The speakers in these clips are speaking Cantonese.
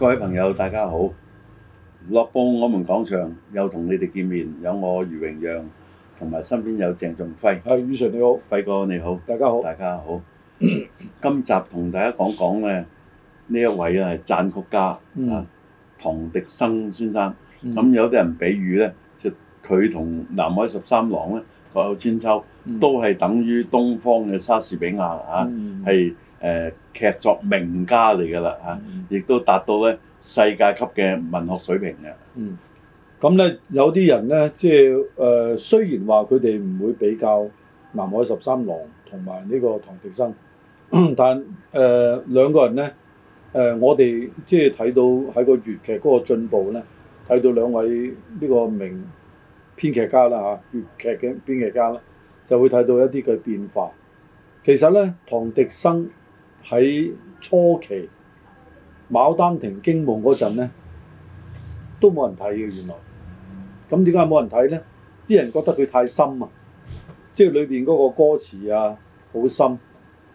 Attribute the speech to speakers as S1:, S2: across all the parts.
S1: 各位朋友，大家好！樂報我們講場又同你哋見面，有我余榮陽同埋身邊有鄭仲輝。啊，余 Sir 你好，輝哥你好，大家好，大家好。今集同大家講講咧呢一位啊，係撰曲家啊，唐滌生先生。咁有啲人比喻咧，就佢同南海十三郎咧各有千秋，都係等於東方嘅莎士比亞啊，係。誒劇作名家嚟㗎啦嚇，亦都達到咧世界級嘅文學水平嘅。嗯，
S2: 咁咧有啲人咧，即係、呃、雖然話佢哋唔會比較南海十三郎同埋呢個唐滌生，但誒兩、呃、個人咧，誒、呃、我哋即係睇到喺個粵劇嗰個進步咧，睇到兩位呢個名編劇家啦嚇，粵劇嘅編劇家啦，就會睇到一啲嘅變化。其實咧，唐滌生。喺初期《牡丹亭驚夢》嗰陣咧，都冇人睇嘅原來。咁點解冇人睇咧？啲人覺得佢太深啊，即係裏邊嗰個歌詞啊，好深。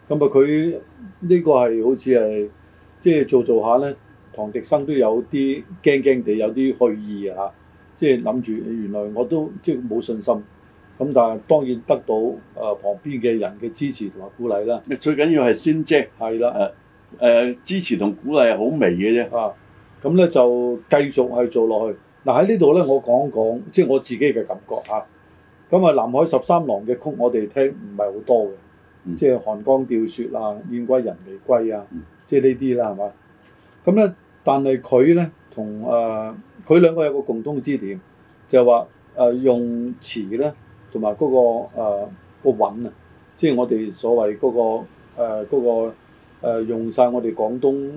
S2: 咁啊，佢呢個係好似係即係做做下咧，唐滌生都有啲驚驚地，有啲去意啊，即係諗住原來我都即係冇信心。咁但係當然得到旁邊嘅人嘅支持同埋鼓勵啦。最緊要係先即係啦。支持同鼓勵係好微嘅啫。咁咧就繼續去做落去。嗱、啊、喺呢度咧，我講講即係我自己嘅感覺。咁啊，南海十三郎嘅曲我哋聽唔係好多嘅，嗯、即係寒江釣雪啊、燕歸人未歸啊，嗯、即係呢啲啦係嘛？咁咧、啊，但係佢咧同佢兩個有個共通嘅之點，就係話、啊、用詞咧。同埋嗰個誒、呃嗰個韻啊，即係我哋所謂嗰、嗰個誒嗰、呃嗰個呃、用晒我哋廣東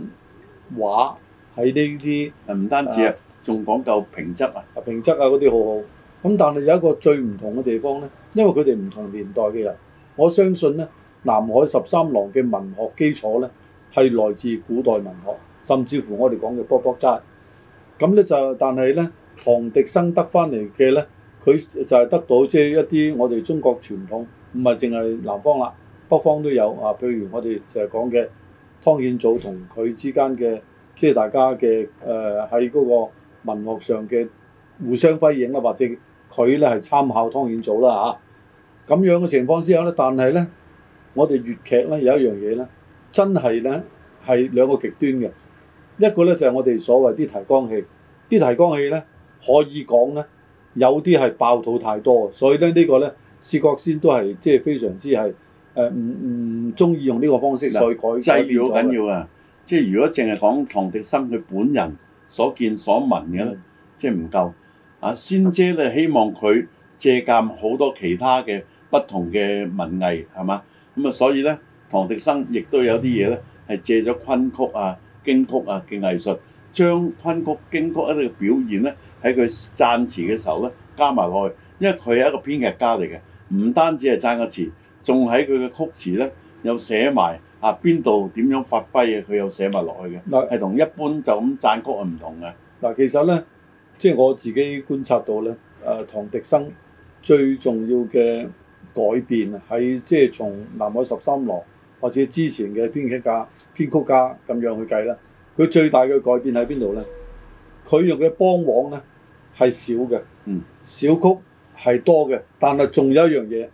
S2: 話喺呢啲，唔單止啊，仲講、呃、到平仄啊，平仄啊嗰啲好好。咁但係有一個最唔同嘅地方咧，因為佢哋唔同年代嘅人，我相信咧，南海十三郎嘅文學基礎咧係來自古代文學，甚至乎我哋講嘅卜卜齋。咁咧就但係咧，唐滌生得翻嚟嘅咧。佢就係得到即係一啲我哋中國傳統，唔係淨係南方啦，北方都有啊。譬如我哋成日講嘅湯顯祖同佢之間嘅，即係大家嘅誒喺嗰個文學上嘅互相輝映啦，或者佢咧係參考湯顯祖啦嚇。咁樣嘅情況之後咧，但係咧，我哋粵劇咧有一樣嘢咧，真係咧係兩個極端嘅，一個咧就係我哋所謂啲提綱戲，啲提綱戲咧可以講咧。有啲係爆肚太多，所以咧呢個呢薛覺先都係即係非常之係誒，唔唔中意用呢個方式再、嗯、改制要改變咗。緊要
S1: 啊！即係如果淨係講唐滌生佢本人所見所聞嘅咧，即係唔夠。阿、啊、仙姐咧希望佢借鑑好多其他嘅不同嘅文藝，係嘛，咁啊，所以呢唐滌生亦都有啲嘢呢，係借咗昆曲啊、京曲啊嘅藝術，將昆曲、京曲一啲嘅表現呢。喺佢讚詞嘅時候咧，加埋落去，因為佢係一個編劇家嚟嘅，唔單止係讚個詞，仲喺佢嘅曲詞咧又寫埋啊邊度點樣發
S2: 揮嘅，佢又寫埋落去嘅。嗱是，係同一般就咁讚曲係唔同嘅。嗱，其實咧，即係我自己觀察到咧，誒，唐滌生最重要嘅改變喺即係從《南海十三郎》或者之前嘅編劇家、編曲家咁樣去計啦。佢最大嘅改變喺邊度咧？佢用嘅梆黃咧係少嘅，嗯、小曲係多嘅，但係仲有一樣嘢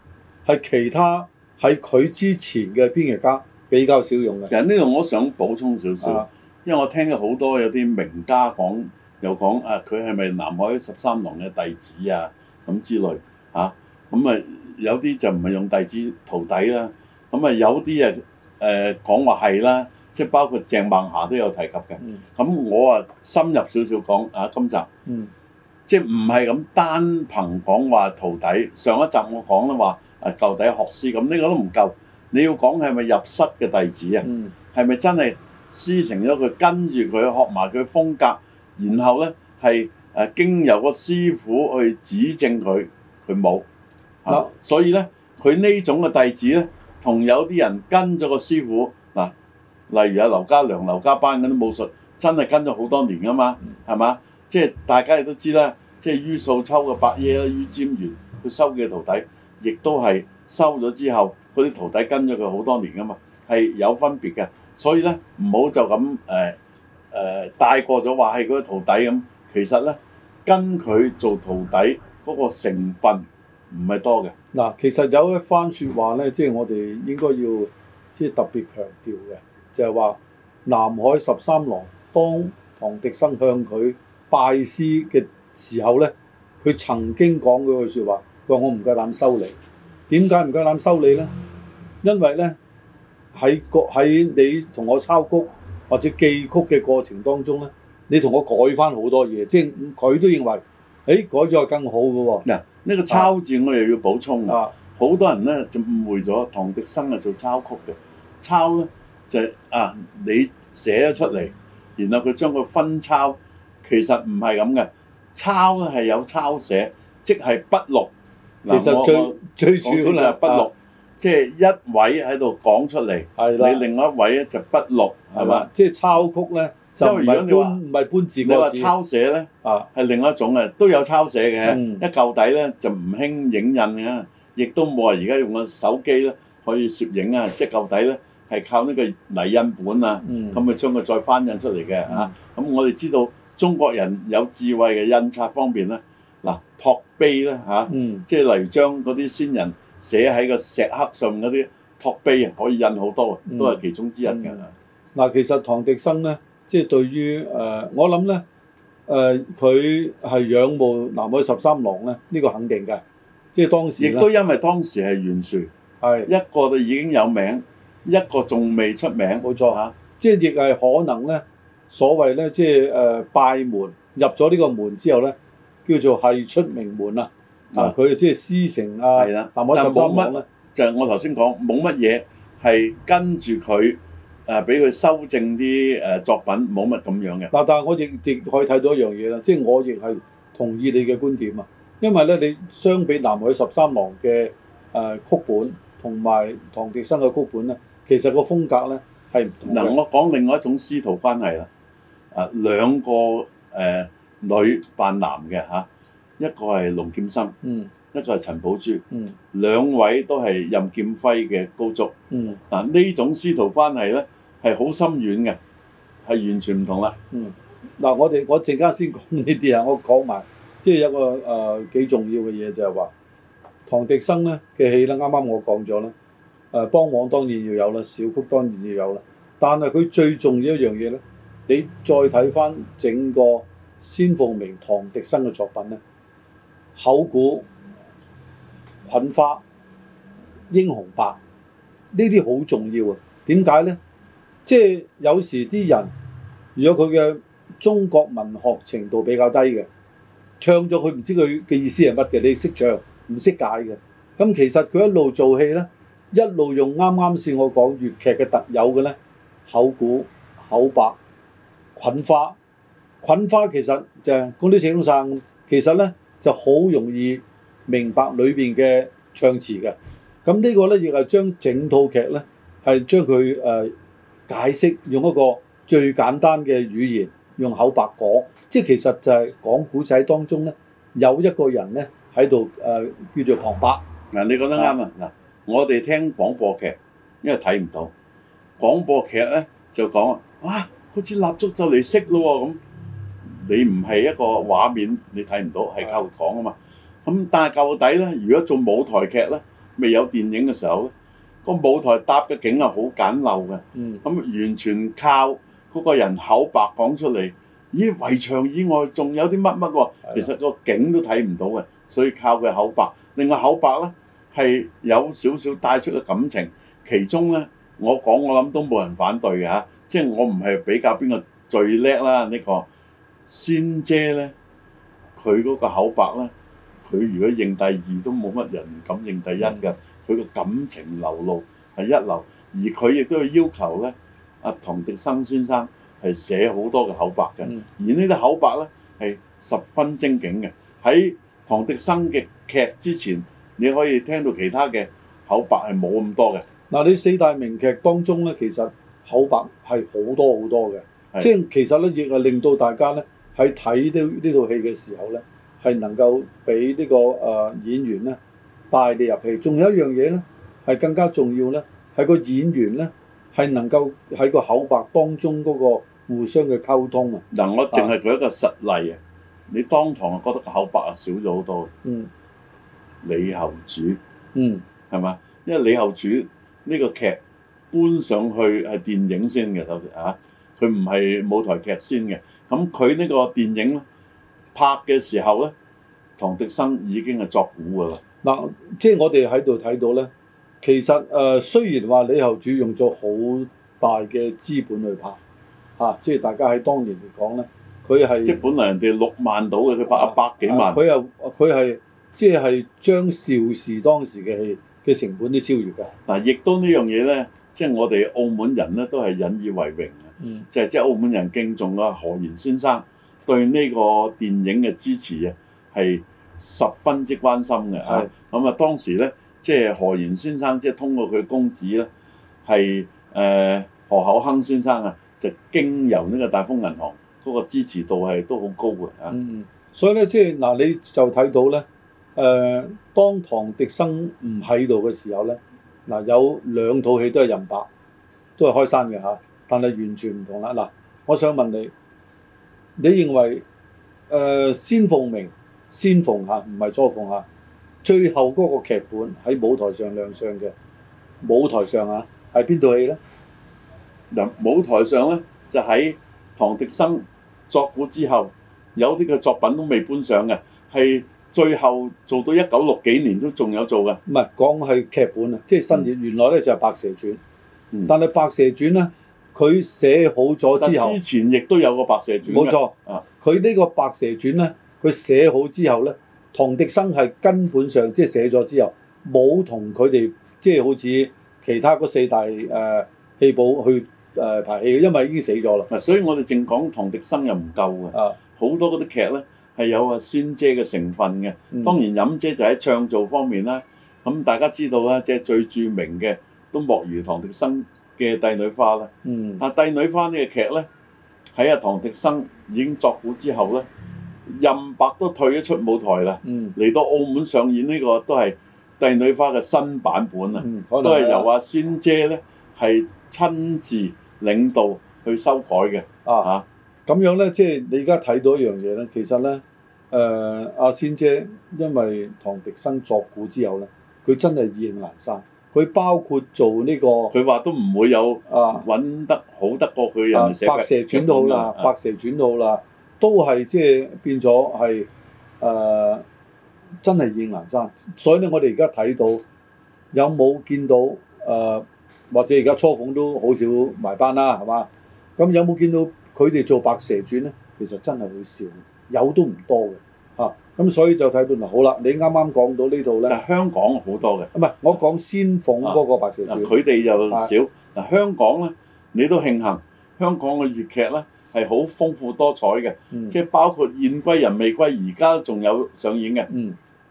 S2: 係其他喺佢之前嘅編劇家比較少用嘅。其實呢度我
S1: 想補充少少，吧因為我聽咗好多有啲名家講，又講啊佢係咪南海十三郎嘅弟子啊咁之類嚇，咁啊有啲就唔係用弟子徒弟、啊呃、啦，咁啊有啲啊誒講話係啦。即係包括鄭孟霞都有提及嘅，咁、嗯、我啊深入少少講啊今集，嗯、即係唔係咁單憑講話徒弟。上一集我講啦話啊舊底學師，咁呢個都唔夠。你要講係咪入室嘅弟子啊？係咪、嗯、真係師承咗佢跟住佢學埋佢風格，然後咧係誒經由個師傅去指正佢，佢冇。嗱，所以咧佢呢種嘅弟子咧，同有啲人跟咗個師傅。例如啊，劉家良、劉家班嗰啲武術，真係跟咗好多年噶嘛，係嘛？即係大家亦都知啦，即係于素秋個伯爺于占元，佢收嘅徒弟，亦都係收咗之後，嗰啲徒弟跟咗佢好多年噶嘛，係有分別嘅。所以咧，唔好就咁誒誒帶過咗話係嗰啲徒弟咁。其實咧，
S2: 跟佢做徒弟嗰個成分唔係多嘅。嗱，其實有一番説話咧，即係我哋應該要即係特別強調嘅。就係話南海十三郎當唐滌生向佢拜師嘅時候咧，佢曾經講過句説話：佢話我唔夠膽收你。點解唔夠膽收你咧？因為咧喺個喺你同我抄曲或者記曲嘅過程當中咧，你同我改翻好多嘢，即係佢都認為誒、哎、改咗係更好嘅喎。嗱呢、yeah, 個抄字我又要補充啊！好 Yeah. 多
S1: 人咧就誤會咗唐滌生係做抄曲嘅抄咧。就啊，你寫咗出嚟，然後佢將佢分抄，其實唔係咁嘅，抄係有抄寫，即係筆錄。
S2: 其實最最主要啊，筆錄
S1: 即係一位喺度講出嚟，你另外一位咧就筆錄，係嘛？
S2: 即係抄曲咧，因為如果你話
S1: 唔係搬字嗰，你話抄寫咧啊，係另外一種嘅，都有抄寫嘅。一舊底咧就唔興影印嘅，亦都冇話而家用個手機咧可以攝影啊，即係舊底咧。係靠呢個泥印本啊，咁咪將佢再翻印出嚟嘅嚇。咁我哋知道中國人有智慧嘅印刷方面咧，嗱、拓碑咧嚇，即係例如將嗰啲先人寫
S2: 喺個石刻上面嗰啲托碑，可以印好多，都係其中之一嘅。嗱、嗯嗯嗯，其實唐滌生咧，即、就、係、是、對於、呃、我諗咧佢係仰慕南海十三郎咧，呢、這個肯定嘅，即、就、係、是、當時亦都因為當時係元朝，係是一個就已經有名。一個仲未出名，冇錯，啊、即係亦係可能咧，所謂咧，即係誒拜門入咗呢個門之後咧，叫做係出名門啊！啊，佢即係師承啊。係啦，南海十三郎咧，
S1: 就係我頭先講冇乜嘢係跟住佢誒，俾佢修
S2: 正啲誒作品，冇乜咁樣嘅。嗱、啊，但係我亦亦可以睇到一樣嘢啦，即、就、係、是、我亦係同意你嘅觀點啊，因為咧，你相比南海十三郎嘅誒、呃、曲本同埋唐滌生嘅曲本咧。其實個風格咧係唔同。嗱，我
S1: 講另外一種師徒關係啦。啊，兩個誒女扮男嘅嚇，一個係龍劍笙，嗯，一個係陳寶珠，嗯，兩位都係任劍輝嘅高足，嗯。嗱，呢種師徒關係咧係好深
S2: 遠嘅，係完全唔同啦。嗯。嗱，我哋我陣間先講呢啲啊，我講埋，即係有個誒幾重要嘅嘢就係話，唐滌生咧嘅戲咧，啱啱我講咗啦。誒梆黃當然要有啦，小曲當然要有啦，但係佢最重要的一樣嘢咧，你再睇翻整個仙鳳鳴唐滌生嘅作品咧，口古、滾花、英雄白呢啲好重要啊！點解咧？即係有時啲人如果佢嘅中國文學程度比較低嘅，唱咗佢唔知佢嘅意思係乜嘅，你識唱唔識解嘅，咁其實佢一路做戲咧。一路用啱啱先我講粵劇嘅特有嘅咧，口古口白，菌花，菌花其實就講啲四種散，其實咧就好容易明白裏邊嘅唱詞嘅。咁呢個咧亦係將整套劇咧係將佢誒解釋用一個最簡單嘅語言用口白講，即係其實就係講古仔當中咧有一個人咧喺度誒叫做旁白。嗱，你覺得啱啊！
S1: 嗱、啊。我哋聽廣播劇，因為睇唔到廣播劇咧，就講啊，好似蠟燭就嚟熄咯喎咁。你唔係一個畫面，你睇唔到，係靠講啊嘛。咁但係舊底咧，如果做舞台劇咧，未有電影嘅時候咧，個舞台搭嘅景係好簡陋嘅。咁、嗯、完全靠嗰個人口白講出嚟。咦，圍牆以外仲有啲乜乜喎？的其實個景都睇唔到嘅，所以靠佢口白，另外口白咧。係有少少帶出嘅感情，其中呢，我講我諗都冇人反對嘅嚇、啊，即係我唔係比較邊個、這個最叻啦，呢個仙姐呢，佢嗰個口白呢，佢如果認第二都冇乜人敢認第一㗎，佢個感情流露係一流，而佢亦都要要求呢、啊。唐滌生先生係寫好多嘅口白嘅，嗯、而呢啲口白呢，係十分精警嘅，喺唐滌生嘅劇之前。你可以聽到其他嘅
S2: 口白係冇咁多嘅。嗱，你四大名劇當中咧，其實口白係好多好多嘅。即係的其實咧，亦係令到大家咧喺睇到呢套戲嘅時候咧，係能夠俾呢個誒、呃、演員咧帶你入戲。仲有一樣嘢咧，係更加重要咧，係個演員咧係能夠喺個口白當中嗰個互相嘅溝通啊。嗱
S1: 但，我淨係舉一個實例啊，嗯、你當堂覺得個口白啊少咗好多。嗯。李後主，嗯，係嘛？因為李後主呢個劇搬上去係電影先嘅，首先啊，佢唔係舞台劇先嘅。咁佢呢個電影拍嘅
S2: 時候咧，唐滌生已經係作古㗎啦。嗱、嗯，即係我哋喺度睇到咧，其實誒、呃、雖然話李後主用咗好大嘅資本去拍，嚇、啊，即係大家喺當年嚟講咧，佢係即係本來人哋六萬到嘅，佢
S1: 拍一百幾萬。佢
S2: 又佢係。即係將邵氏當時嘅嘅
S1: 成本都超越㗎。嗱，亦都呢樣嘢呢，即係、嗯、我哋澳門人呢都係引以為榮啊！係即係澳門人敬重啊何賢先生對呢個電影嘅支持啊，係十分之關心嘅。係咁是啊、嗯，當時呢，即、就、係、是、何賢先生即係、就是、通過佢公子呢，係誒、呃、何厚亨何厚鏗先生啊，
S2: 就經由呢個大豐銀行嗰、那個支持度係都好高嘅、嗯嗯、啊。嗯，所以呢，即係嗱，你就睇到呢。誒、呃、當唐滌生唔喺度嘅時候咧，嗱、呃、有兩套戲都係任白，都係開山嘅嚇，但係完全唔同啦。嗱、呃，我想問你，你認為誒、呃、仙鳳鳴、先鳳下唔係初鳳下，最後嗰個劇本喺舞台上亮相嘅舞台上啊，係邊套戲咧？嗱，舞台
S1: 上咧就喺唐滌生作古之後，有啲嘅作品都未搬
S2: 上嘅，係最後做到一九六幾年都仲有做嘅，唔係講係劇本啊，即係新嘢。嗯、原來咧就係《白蛇傳》嗯，但係《白蛇傳呢》咧，佢寫好咗之後，之前亦都有個《白蛇傳》。冇錯，佢呢、啊、個《白蛇傳呢》咧，佢寫好之後咧，唐滌生係根本上即係寫咗之後，冇同佢哋即係好似其他嗰四大誒、呃、戲寶去誒、呃、排戲，因為已經死咗啦。嗱，所以我哋淨講唐滌生又唔夠嘅，啊，好多嗰啲劇咧。係有
S1: 阿仙姐嘅成分嘅，當然任姐就喺唱做方面啦。咁大家知道啦，即係最著名嘅都莫如唐滌生嘅《帝女花》啦。嗯。但《帝女花》呢個劇咧，喺阿唐滌生已經作古之後咧，任白都退咗出舞台啦。嗯。嚟到澳門上演呢個都係《帝女花》嘅新版本啊，都係由阿仙姐咧係親自領導去修改嘅。
S2: 啊。咁樣咧，即、就、係、是、你而家睇到一樣嘢咧。其實咧，誒阿仙姐因為唐滌生作古之後咧，佢真係意興闌珊。佢包括做呢、這個，佢話都唔會有揾、啊、得好得過佢人、啊。白蛇傳都好啦，白蛇傳都好啦，都係即係變咗係誒真係意興闌珊。所以咧，我哋而家睇到有冇見到誒、啊，或者而家雛鳳都好少埋班啦，係嘛？咁有冇見到？佢哋做白蛇傳咧，其實真係會少，有都唔多嘅嚇。咁、啊、所以就睇到嗱，好啦，你啱啱講到呢度咧，香港好多嘅，唔係我講仙鳳嗰個白蛇傳。佢哋就少嗱。香港咧，你都慶幸
S1: 香港嘅粵劇咧係好豐富多彩嘅，即係、嗯、包括《燕歸人未歸》，而
S2: 家仲有上演嘅。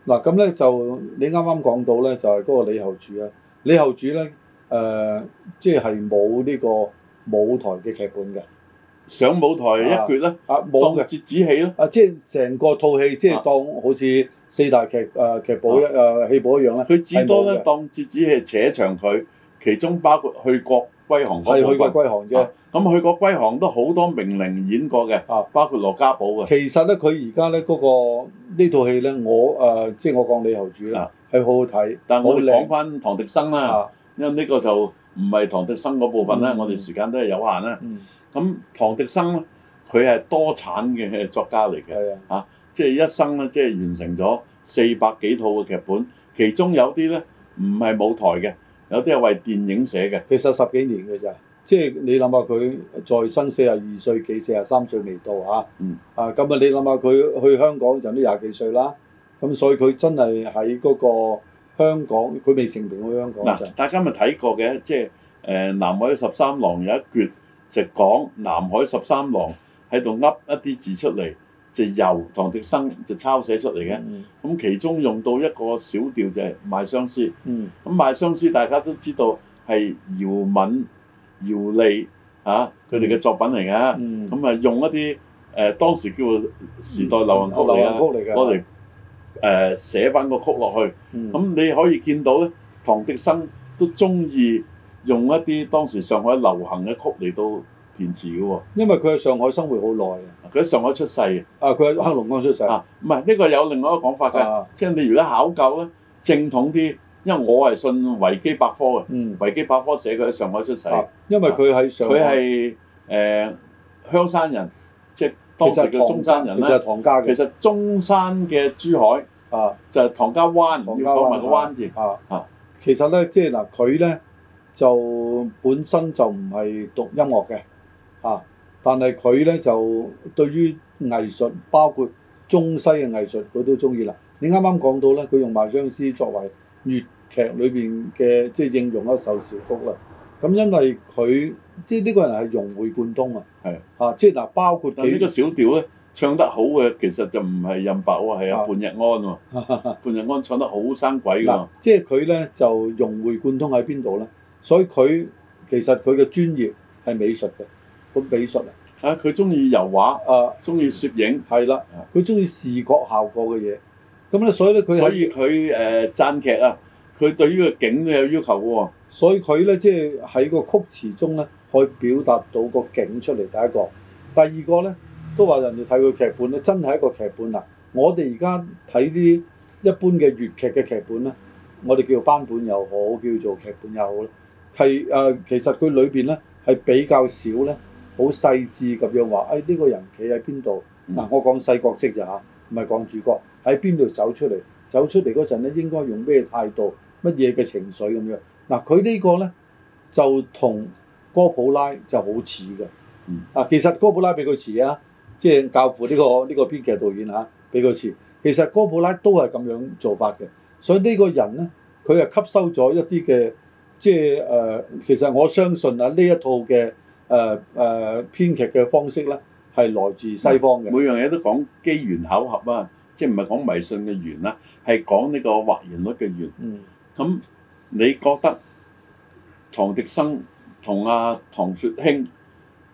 S2: 嗱咁咧就你啱啱講到咧，就係、是、嗰個李後主啊。李後主咧，誒即係冇呢個舞台嘅劇本嘅。上舞台一撅啦，啊，當折子戲咯，啊，即係成個套戲，即係當好似四大劇誒劇寶一誒戲寶一樣咧。佢至多咧當折
S1: 子戲扯長佢，其中包括去國歸降。係去國歸降啫。咁去國歸降都好多名伶演過嘅，啊，包括羅家寶嘅。其
S2: 實咧，佢而家咧嗰個呢套戲咧，我誒即係我講李後主咧，係好好睇。但係我會講
S1: 翻唐滌生啦，因為呢個就唔係唐滌生嗰部分啦，我哋時間都係有限啦。咁唐滌生咧，佢係多產嘅作家嚟嘅，嚇、啊，即係、啊就是、一生咧，即、就、係、是、完成咗四百幾套嘅劇本，其中有啲咧唔係舞台嘅，有啲係為電影寫嘅。
S2: 其實十幾年嘅咋，即係你諗下佢在生四十二歲，幾四十三歲未到嚇，啊咁、嗯、啊，你諗下佢去香港就都廿幾歲啦，咁所以佢真係喺嗰個香港，佢未成名嘅香港嗱，
S1: 大家咪睇過嘅，即係誒、呃《南海十三郎》有一段。就講南海十三郎喺度噏一啲字出嚟，就由唐滌生就抄寫出嚟嘅。咁、嗯、其中用到一個小調就係《賣相思》嗯。咁《賣相思》大家都知道係姚敏、姚莉嚇佢哋嘅作品嚟嘅。咁啊、嗯嗯嗯、用一啲誒、呃、當時叫做時代流行曲嚟嘅，攞嚟誒寫翻個曲落去。咁、嗯嗯、你可以見到咧，唐滌生都中意。用一啲當時上海流行嘅曲嚟到填詞嘅喎，因為佢喺上海生活好耐嘅，佢喺上海出世啊，佢喺黑龍江出世。嚇，唔係呢個有另外一個講法嘅，即係你如果考究咧，正統啲，因為我係信維基百科嘅。嗯，維基百科寫佢喺上海出世。因為佢喺上海，佢係誒香山人，即係當時嘅中山人啦。其實唐家嘅，其實中山嘅珠海啊，就係唐家灣，講埋個灣字啊。啊，
S2: 其實咧，即係嗱，佢咧。就本身就唔係讀音樂嘅，嚇、啊！但係佢咧就對於藝術，包括中西嘅藝術，佢都中意啦。你啱啱講到咧，佢用賣相思作為粵劇裏邊嘅即係應用一首小曲啦。咁、啊嗯、因為佢即係呢個人係融會貫通啊，係的啊，即係嗱，包括佢呢個小
S1: 調咧唱得好嘅，其實就唔係任白啊，係啊，半日安喎，啊啊、半日安唱得好生鬼㗎、啊、
S2: 即係佢咧就融會貫通喺邊度咧？所以佢其實佢嘅專業係美術嘅，咁美術啊，啊佢中意油畫啊，中意攝影，係啦的，佢中意視覺效果嘅嘢，咁咧所以咧佢所以
S1: 佢誒齋劇啊，佢對於個景
S2: 都有要求嘅喎、哦。所以佢咧即係喺個曲詞中咧，可以表達到個景出嚟。第一個，第二個咧，都話人哋睇佢劇本咧，真係一個劇本啊！我哋而家睇啲一般嘅粵劇嘅劇本咧，我哋叫做班本又好，叫做劇本又好啦。係誒，其實佢裏邊咧係比較少咧，好細緻咁樣話，誒呢個人企喺邊度？嗱，嗯，我講細角色就嚇，唔係講主角喺邊度走出嚟？走出嚟嗰陣咧，應該用咩態度、乜嘢嘅情緒咁樣？嗱，啊，佢呢個咧就同哥普拉就好似嘅。啊，其實哥普拉俾佢辭啊，即係教父呢個呢個編劇導演嚇俾佢辭。其實哥普拉都係咁樣做法嘅，所以呢個人咧，佢係吸收咗一啲嘅。即係誒，其實我相信啊，呢一套嘅誒誒編劇嘅方式咧，係來自西方嘅。每樣嘢
S1: 都講機緣巧合啊，即係唔係講迷信嘅緣啦，係講呢個或然率嘅緣。嗯。咁你覺得唐滌生同阿唐雪卿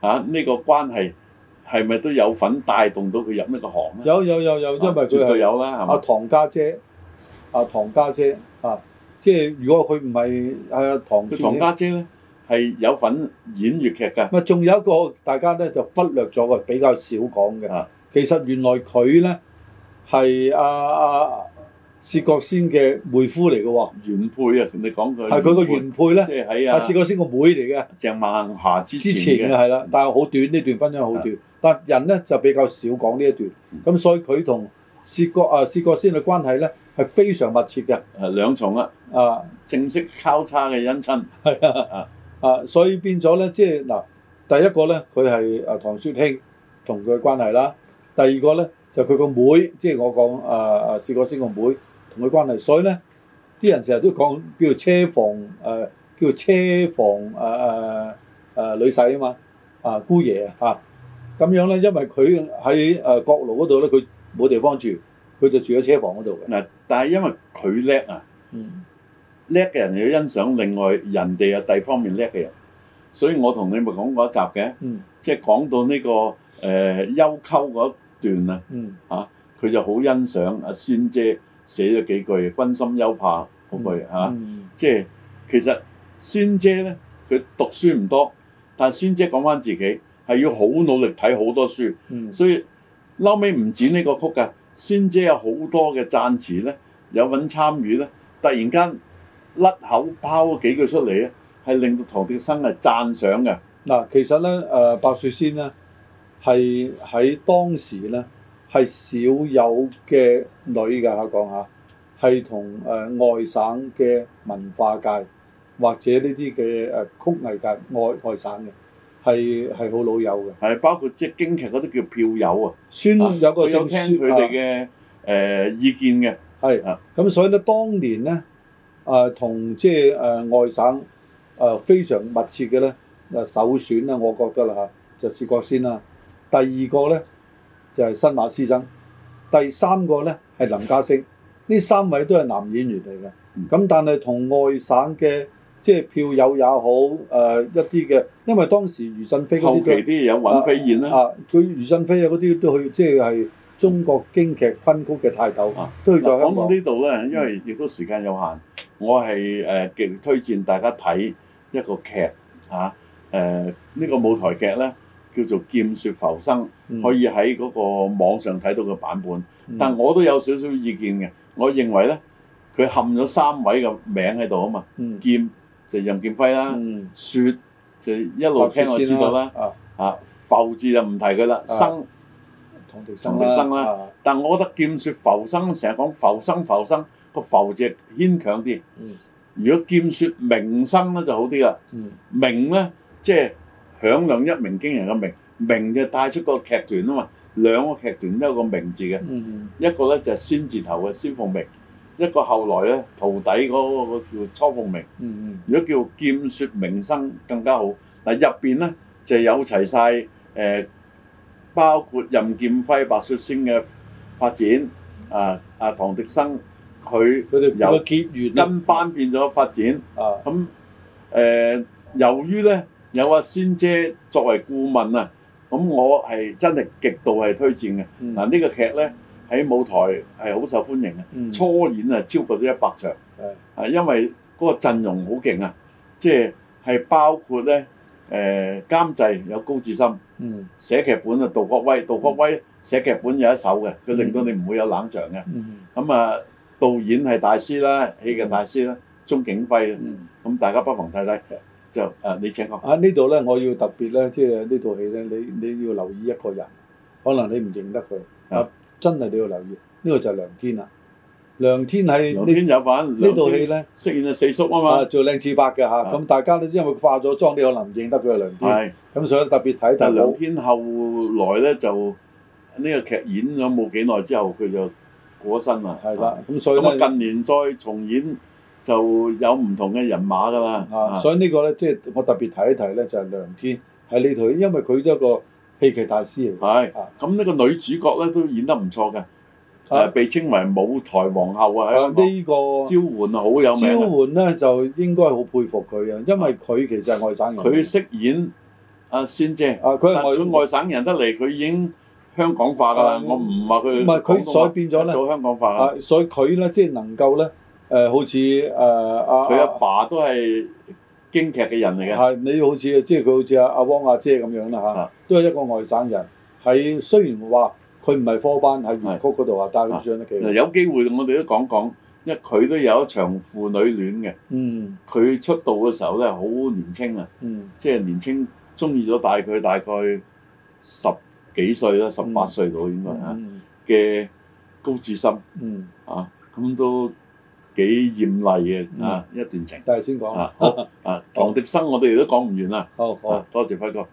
S1: 啊呢個關係係咪都有份帶動到佢入呢個行
S2: 咧？有有有有，因為佢就有啦，係嘛阿唐家姐，姐，阿唐家姐，姐，唐姐，姐啊。即係如果佢唔係阿唐家姐
S1: 咧，係有份演粵劇㗎。咪
S2: 仲有一個大家咧就忽略咗㗎，比較少講嘅。啊、其實原來佢咧係阿阿薛覺先嘅妹夫嚟嘅喎。原配啊，你講佢係佢個原配咧，係薛覺先個妹嚟嘅。鄭孟霞之前，之前嘅係啦，但係好短，呢段婚姻好短，短啊，但係人咧就比較少講呢一段。咁所以佢同薛覺啊薛覺先嘅關係咧，係非常密切嘅，係兩重啊！啊，正式交叉嘅姻親係啊啊，啊，啊，所以變咗咧，即係嗱，第一個咧，佢係啊唐雪卿同佢關係啦；第二個咧，就佢、是就是啊、個妹，即係我講啊啊薛覺先個妹同佢關係。所以咧，啲人成日都講叫做車房誒，叫做車房誒誒誒女婿啊嘛，啊姑爺啊嚇咁樣咧，因為佢喺誒國路嗰度咧，佢冇地方住。佢就住喺車房嗰度嘅。嗱，但係因為佢叻啊，叻嘅、嗯、人要
S1: 欣賞，另外人哋又第方面叻嘅人，所以我同你咪講過一集嘅，即係講到呢、呢個誒、呃、幽溝嗰段、嗯、啊，嚇佢就好欣賞阿、啊、仙姐寫咗幾句君心憂怕嗰句嚇，即係、嗯啊即係、其實仙姐咧，佢讀書唔多，但係仙姐講返自己係要好努力睇好多書，嗯、所以後尾唔止呢個曲㗎。仙姐有好多嘅讚詞咧，有份參與咧，突然間甩口
S2: 拋幾句出嚟咧，係令到唐滌生係讚賞嘅。嗱，其實咧，誒白雪仙咧係喺當時咧係少有嘅女嘅，我講下，係同誒外省嘅文化界或者呢啲嘅誒曲藝界，外外省嘅。係係好老友嘅，係包括即係京劇嗰啲叫票友孫孫啊，先有個想聽佢哋嘅誒意見嘅，係啊是，咁是所以咧，當年咧，誒同即係誒外省誒、呃、非常密切嘅咧，誒、呃、首選啦，我覺得啦嚇，就薛覺先啦，第二個咧就係、是、新馬師曾；第三個咧係林家聲，呢三位都係男演員嚟嘅，咁、嗯、但係同外省嘅。即係票友也好，誒、呃、一啲嘅，因為當時俞振飛嗰啲嘅，後期啲有尹飛燕啦、啊。啊，佢俞振飛啊嗰啲都去，即係中國京劇昆曲嘅泰斗，啊、都喺香港、啊啊啊啊、呢
S1: 度呢度咧。因為亦都時間有限，我係誒、啊、極力推薦大家睇一個劇啊，誒、啊、呢、啊呢個舞台劇咧叫做《劍雪浮生》，嗯，可以喺嗰個網上睇到嘅版本。嗯、但我都有少少意見嘅，我認為咧佢冚咗三位嘅名喺度啊嘛，劍。嗯就任劍輝啦，嗯、雪，就一路聽我知道啦。啊，浮字就唔提佢啦。啊、生，唐滌生啦。但係我覺得劍雪浮生成日講浮生浮生，個浮字牽強啲。嗯、如果劍雪鳴生咧就好啲啊。嗯、明咧即係響亮一鳴驚人嘅鳴，鳴就帶出個劇團啊嘛。兩個劇團都有個鳴字嘅，嗯、一個咧就仙字頭嘅仙鳳鳴。一個後來咧徒弟嗰個叫雛鳳鳴，嗯、如果叫劍雪明生更加好。嗱入邊咧就有齊晒誒、呃，包括任劍輝、白雪仙嘅發展。啊啊唐滌生佢有結緣，跟班變咗發展。啊咁誒，由於咧有阿仙姐作為顧問、嗯、啊，咁我係真係極度係推薦嘅。嗱呢個劇咧。喺舞台係好受歡迎嘅，初演啊超過咗一百場，係、嗯、因為嗰個陣容好勁啊，即係係包括咧誒監製有高志森，嗯、寫劇本啊杜國威，杜國威寫劇本有一手嘅，佢令到你唔會有冷場嘅。咁啊、嗯嗯，導演係大師啦，戲嘅大師啦，鍾、嗯、景輝，咁、嗯、大家不妨睇睇就誒你請講。啊
S2: 這裡呢度咧我要特別咧，即、就、係、是、呢套戲咧，你你要留意一個人，可能你唔認得佢啊。嗯真係你要留意，呢、這個就係梁天啦。梁天係梁天 呢呢套戲咧，飾演阿四叔啊嘛，啊做靚次伯嘅吓。咁的、啊嗯、大家都知，因為化咗妝，你可能唔認得佢係梁天。係的，咁、嗯、所以特別睇。睇梁天後來咧，就呢、這個劇演咗冇幾耐之後，佢就
S1: 過身啦。係啦，咁、嗯嗯、所以我、嗯、近年再重演就有唔同嘅
S2: 人馬㗎啦、啊。所以這個呢個咧，即、就、係、是、我特別睇一睇咧，就係、是、梁天係呢套，因為佢都一個。戲劇大師啊，係咁呢個女主角咧都演得唔錯嘅，誒、啊，
S1: 被稱為舞台皇后啊，係、這、呢個招喚好有名，招
S2: 喚咧就應該好佩服佢嘅，因為佢其實係外省人，佢
S1: 飾演阿仙姐，啊，佢係外外省人得嚟，佢已經香港化㗎啦，啊、我唔話佢唔係佢所以
S2: 變咗咧，做香港化啊，所以佢咧即係能夠咧，誒、呃，好似誒阿佢阿爸都係。京劇嘅人嚟嘅，係你好似即係佢好似阿阿汪阿姐咁樣啦嚇，啊、的都係一個外省人。喺雖然話佢唔係科班，喺粵曲嗰度啊，的但係上得幾。有機
S1: 會我哋都講講，因為佢都有一場父女戀嘅。嗯。佢出道嘅時候咧，好年輕啊。嗯。即係年輕，鍾意咗大佢大概十幾歲啦，十八歲到應該嚇嘅高志森，嗯。嗯啊，咁都。幾艷麗嘅啊一段情，第日、嗯、先講好 啊，唐滌生我哋都講唔完啦。 好好，多謝輝哥。